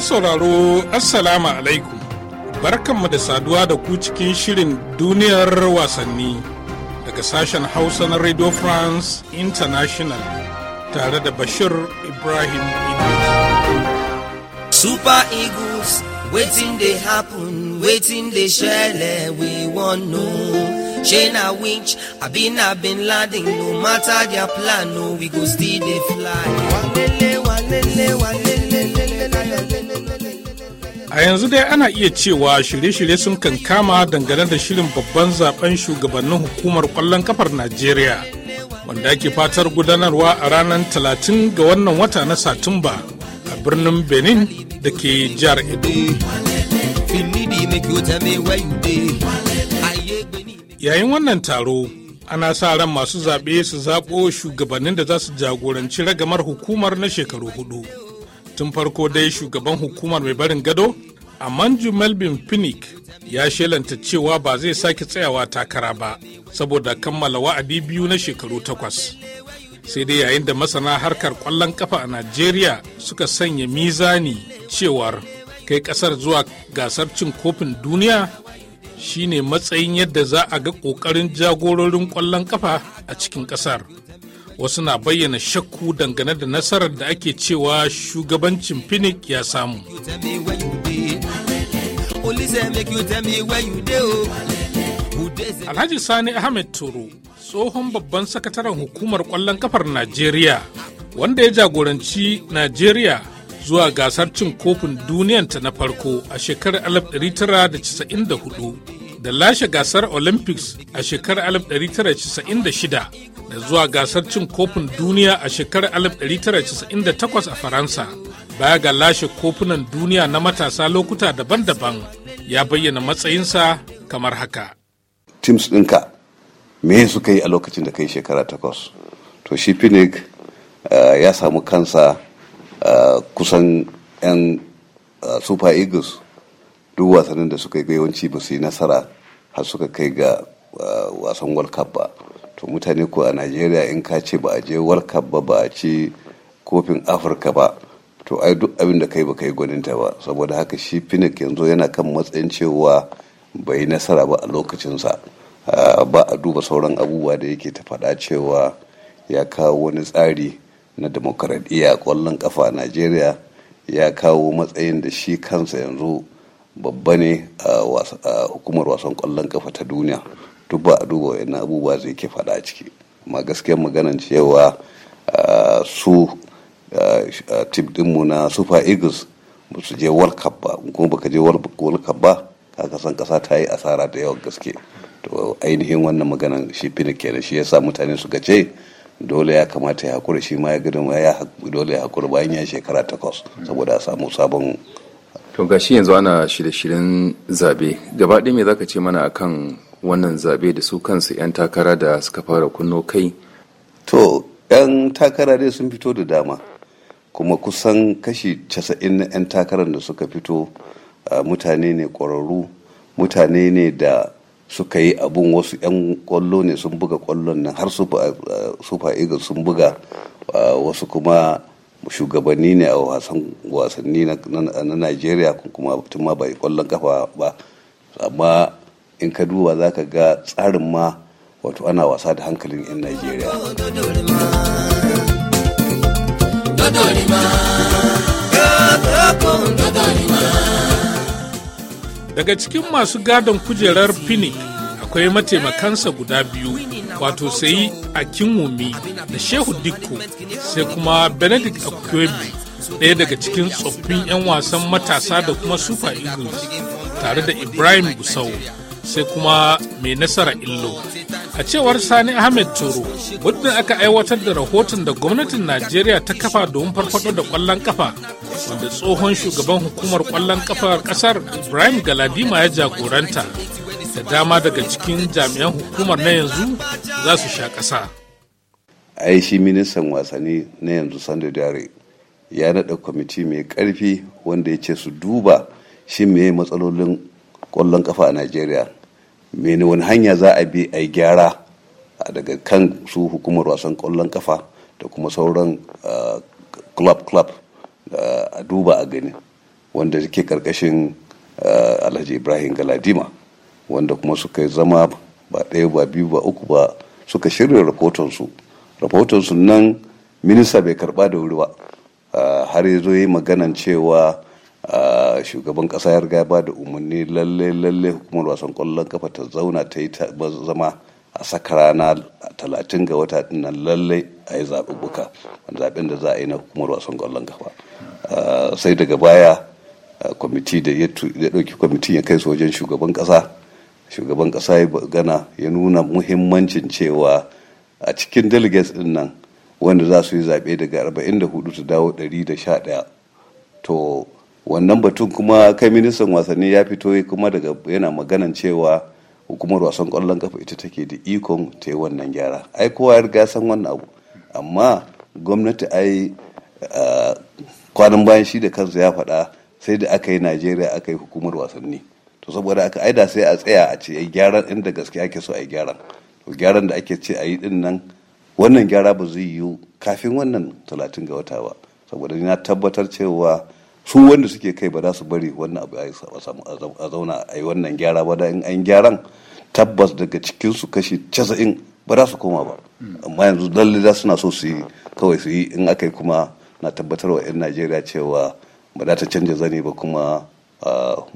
sauraro assalamu alaikum barkanmu da saduwa da ku cikin shirin duniyar wasanni daga sashen hausa na radio france international tare da bashir ibrahim idris super eagles waiting dey happen they dey shele we wan know shey na winch abi na bin laden no matter their plan no we go still dey fly walele walele walele A yanzu dai ana iya cewa shirye-shirye sun kankama dangane da shirin babban zaben shugabannin hukumar kwallon kafar Najeriya, wanda ake fatar gudanarwa a ranar talatin ga wannan wata na Satumba a birnin Benin da ke jihar Edo. Yayin wannan taro, ana sa ran masu zaɓe su zaɓo shugabannin da za su jagoranci ragamar hukumar na shekaru hudu. tun farko dai shugaban hukumar mai barin gado Amanju Melvin Pinnick ya shelanta cewa ba zai sake tsayawa takara ba saboda kammala wa'adi biyu na shekaru takwas. Sai dai yayin da masana harkar kwallon kafa a Najeriya suka sanya mizani cewar kai kasar zuwa gasar cin kofin duniya shine matsayin yadda za a ga kokarin jagororin kwallon kafa a cikin kasar Wasu na bayyana shakku dangane da nasarar da ake cewa shugabancin Pinnick ya samu. Alhaji Sani Ahmed toro tsohon babban sakataren hukumar kwallon kafar Najeriya wanda ya jagoranci Najeriya zuwa gasar cin kofin duniyanta na farko a shekarar 1994 da lashe gasar olympics a shekarar 1996 da zuwa gasar cin kofin duniya a shekarar 1998 a faransa baya ga lashe kofunan duniya na matasa lokuta daban-daban ya bayyana matsayinsa kamar haka. Teams ɗinka me suka yi a lokacin da ka kai shekara takwas? To shi Finnick eh, ya samu kansa eh, kusan 'yan eh, Super Eagles duk wasannin da suka yi yawanci ba su yi nasara har suka kai ga wasan World Cup ba. To mutane ko a Najeriya in ka ce ba a je World Cup ba ba a ci kofin Afirka ba to ai duk abin da kai baka yi gwaninta ba saboda haka shi finik yanzu yana kan matsayin cewa bai yi nasara ba a lokacinsa ba a duba sauran abubuwa da yake ta faɗa cewa ya kawo wani tsari na demokaradiyya kwallon kafa a najeriya ya kawo matsayin da shi kansa yanzu babba ne a hukumar wasan kwallon kafa ta duniya duk ba a duba wayannan abubuwa zai ke faɗa ciki amma gaskiyar maganan cewa su tip dinmu na super eagles ba su je world cup ba kuma baka je world cup ba kaga san kasa ta yi asara da yawan gaske to ainihin wannan magana shi fina kenan shi yasa mutane suka ce dole ya kamata ya hakura shi ma ya gudun ya dole ya hakura bayan ya shekara takwas saboda a samu sabon to ga shi yanzu ana shirye-shiryen zabe gaba ɗaya me zaka ce mana akan wannan zabe da su kansu 'yan takara da suka fara kunno kai to 'yan takara dai sun fito da dama kuma kusan kashi 90 na 'yan takarar da suka fito mutane ne ƙwararru mutane ne da suka yi abun wasu 'yan kwallo ne sun buga kwallon nan har super eagles sun buga wasu kuma shugabanni ne a wasanni na nigeria kuma tun ma bai kwallon kafa ba amma in ka duba za ka ga tsarin ma wato ana wasa da hankalin 'yan nigeria daga cikin masu gadon kujerar phoenix akwai mataimakansa guda biyu wato sayi a kinwumi da shehu dikko sai kuma benedict akwebi ɗaya daga cikin tsoffin 'yan wasan matasa da kuma super eagles tare da ibrahim gusau sai kuma mai nasara illo A cewar Sani Ahmed Toro, muddin aka aiwatar da rahoton da gwamnatin Najeriya ta kafa domin farfado da kwallon kafa, wanda tsohon shugaban hukumar kwallon kafar kasar Ibrahim Galadima ya jagoranta, da dama daga cikin jami'an hukumar na yanzu za su sha kasa. Ai ministan wasanni na yanzu sanda Dare ya naɗa kwamiti mai ƙarfi wanda ya ce su duba shi mai matsalolin ƙwallon kafa a Najeriya. mene wani hanya za a bi a yi gyara daga kan su hukumar wasan kwallon kafa da kuma sauran ah, club club ah, a duba a gani wanda suke karkashin ah, alhaji ibrahim galadima wanda kuma suka zama ba ɗaya ba biyu ba uku ba suka shirya rahotonsu rahotonsu nan minista bai karba da wuri ba har ya yi maganan cewa shugaban kasa ya riga ba da umarni lalle lalle hukumar wasan kwallon kafa ta zauna ta yi zama a saka rana talatin ga wata nan lalle a yi zaɓuɓɓuka zaɓen da za a yi na hukumar wasan kwallon kafa ah, sai daga baya ah, kwamiti da ya ɗauki kwamiti ya kai su wajen shugaban kasa shugaban kasa ya gana ya nuna muhimmancin cewa a cikin delegates din nan wanda za su yi zaɓe daga hudu su dawo ɗari da 111 to wannan batun kuma kai ministan wasanni ya fito kuma daga yana maganan cewa hukumar wasan kwallon kafa ita take da ikon ta yi wannan gyara ai kowa ya riga san wannan abu amma gwamnati ai kwanan bayan shi da kansa ya faɗa sai da aka yi najeriya aka yi hukumar wasanni to saboda aka aida sai a tsaya a ce ai gyaran inda gaske ake so a yi gyaran to gyaran da ake ce a yi din nan wannan gyara ba zai yiwu kafin wannan talatin ga wata ba saboda na tabbatar cewa su wanda suke kai ba za su bari wannan abu a zauna a yi wannan gyara ba da in an gyaran tabbas daga cikinsu kashi casa'in ba za su koma ba amma yanzu lalle za suna so su yi kawai su yi in aka yi kuma na tabbatar wa 'yan najeriya cewa ba za ta canja zane ba kuma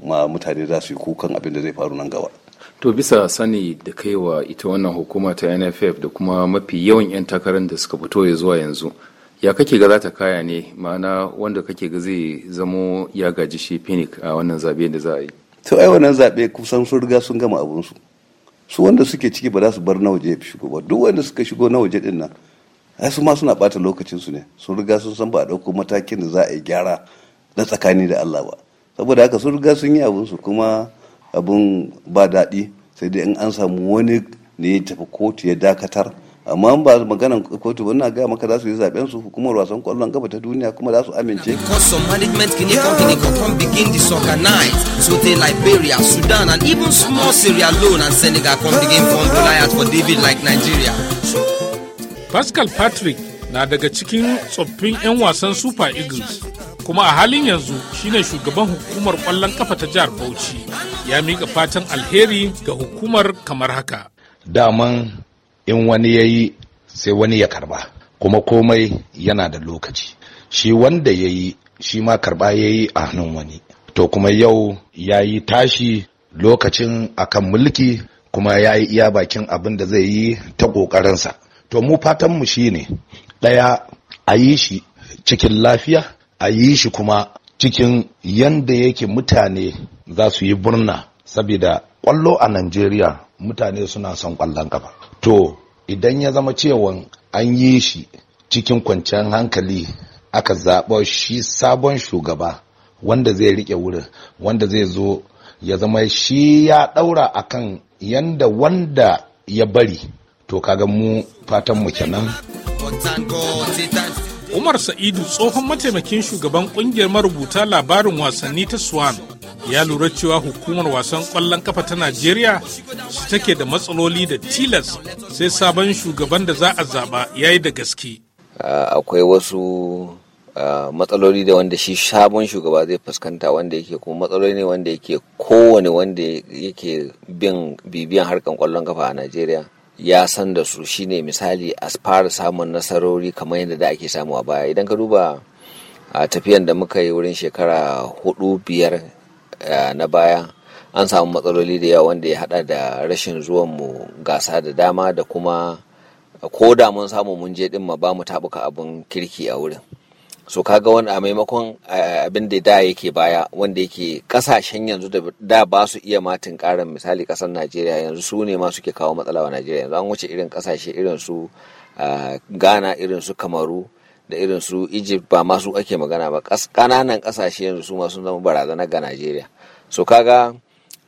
ma mutane za su yi kukan abin da zai faru nan gaba to bisa sani da kaiwa ita wannan hukuma ta nff da kuma mafi yawan 'yan takarar da suka fito ya zuwa yanzu ya kake ga za ta kaya ne ma'ana wanda kake ga zai zamo ya gaji shi phoenix a wannan zabe da za a yi to ai wannan zabe kusan sun riga sun gama abunsu su wanda suke ciki ba za su bar na waje shigo ba duk wanda suka shigo na waje din nan ai su ma suna bata lokacin su ne sun riga sun san ba a dauko matakin da za a yi gyara na tsakani da Allah ba saboda haka sun riga sun yi abunsu kuma abun ba daɗi sai dai in an samu wani ne ya tafi kotu ya dakatar amma ba maganan kotu ba na gaya maka za su yi zaben su hukumar wasan kwallon gaba ta duniya kuma za su amince Sudan and even small and Senegal Pascal Patrick na daga cikin tsoffin 'yan wasan Super Eagles kuma a halin yanzu shine shugaban hukumar kwallon kafa ta jihar Bauchi ya mika fatan alheri ga hukumar kamar haka. Daman in wani ya yi sai wani ya karba kuma komai yana da lokaci shi wanda ya yi shi ma karba ya yi a hannun wani to kuma yau ya yi tashi lokacin akan mulki kuma ya yi iya bakin abin da zai yi ta ƙoƙarinsa to mu fatanmu shi ne ɗaya a yi shi cikin lafiya a yi shi kuma cikin yanda yake mutane za su yi burna saboda ƙwallo a najeriya mutane suna son ƙwallon kafa to idan ya zama cewa an yi shi cikin kwanciyar hankali aka zaɓa shi sabon shugaba wanda zai riƙe wurin wanda zai zo ya zama shi ya ɗaura a kan yanda wanda ya bari to kaga mu fatan mu kenan Umar Sa'idu tsohon mataimakin shugaban ƙungiyar marubuta labarin wasanni ta Swan ya lura cewa hukumar wasan kwallon kafa ta najeriya su take da matsaloli da tilas sai sabon shugaban da za a zaba ya yi da gaske ah, akwai wasu ah, matsaloli da wanda shi sabon shugaba zai fuskanta wanda yake kuma matsaloli ne wanda yake kowane wanda yake bin bibiyan harkan kwallon kafa a najeriya ya san da su shine misali a fara samun nasarori kamar yadda da ake samu a baya idan ka duba a ah, tafiyan da muka yi wurin shekara hudu biyar Eh, na baya an samu matsaloli da yawa wanda ya hada da rashin zuwan mu gasa da dama da kuma ko da mun samu mun je din ma ba mu tabuka abin kirki a wurin so kaga wani a maimakon eh, abin da da yake baya wanda yake kasashen yanzu da da ba su iya matin karin misali kasar najeriya yanzu su ne ma suke kawo matsala wa najeriya yanzu an wuce irin kasashe irin su eh, ghana irin su kamaru da irin su egypt ba masu ake magana ba kananan kasashe yanzu su masu zama barazana ga najeriya so kaga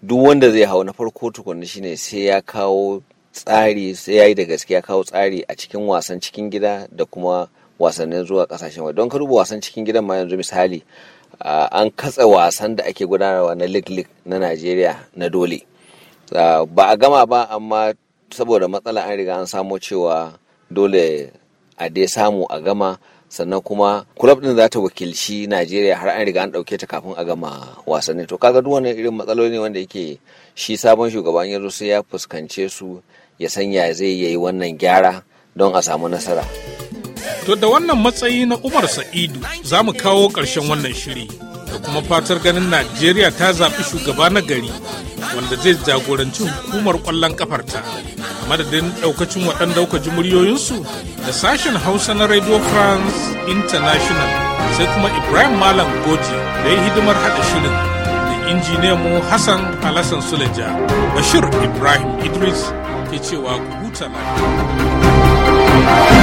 duk wanda zai hau na farko tukunna shine sai ya kawo tsari sai ya yi da gaske ya kawo tsari a cikin wasan cikin gida da kuma wasannin zuwa kasashen waje don ka duba wasan cikin gidan ma yanzu misali an katse wasan da ake gudanarwa na Liklik na najeriya na dole ba a gama ba amma saboda matsala an riga an samo cewa dole a dai samu a gama sannan kuma kulab din za ta wakilci najeriya har an riga an dauke ta kafin a gama wasannin to kaga duk wannan irin matsaloli ne wanda yake shi sabon shugaban yanzu sai ya fuskance su ya sanya zai yi wannan gyara don a samu nasara to da wannan matsayi na umar sa'idu za mu kawo ƙarshen wannan shiri da kuma fatar ganin najeriya ta zaɓi shugaba na gari wanda zai jagoranci hukumar ƙwallon ta. madadin ɗaukacin waɗanda ji muryoyinsu da sashen hausa na radio france international sai kuma ibrahim malam goji da ya hidimar haɗa shirin da mu hassan alassan suleja bashir ibrahim idris ke cewa ku huta lafiya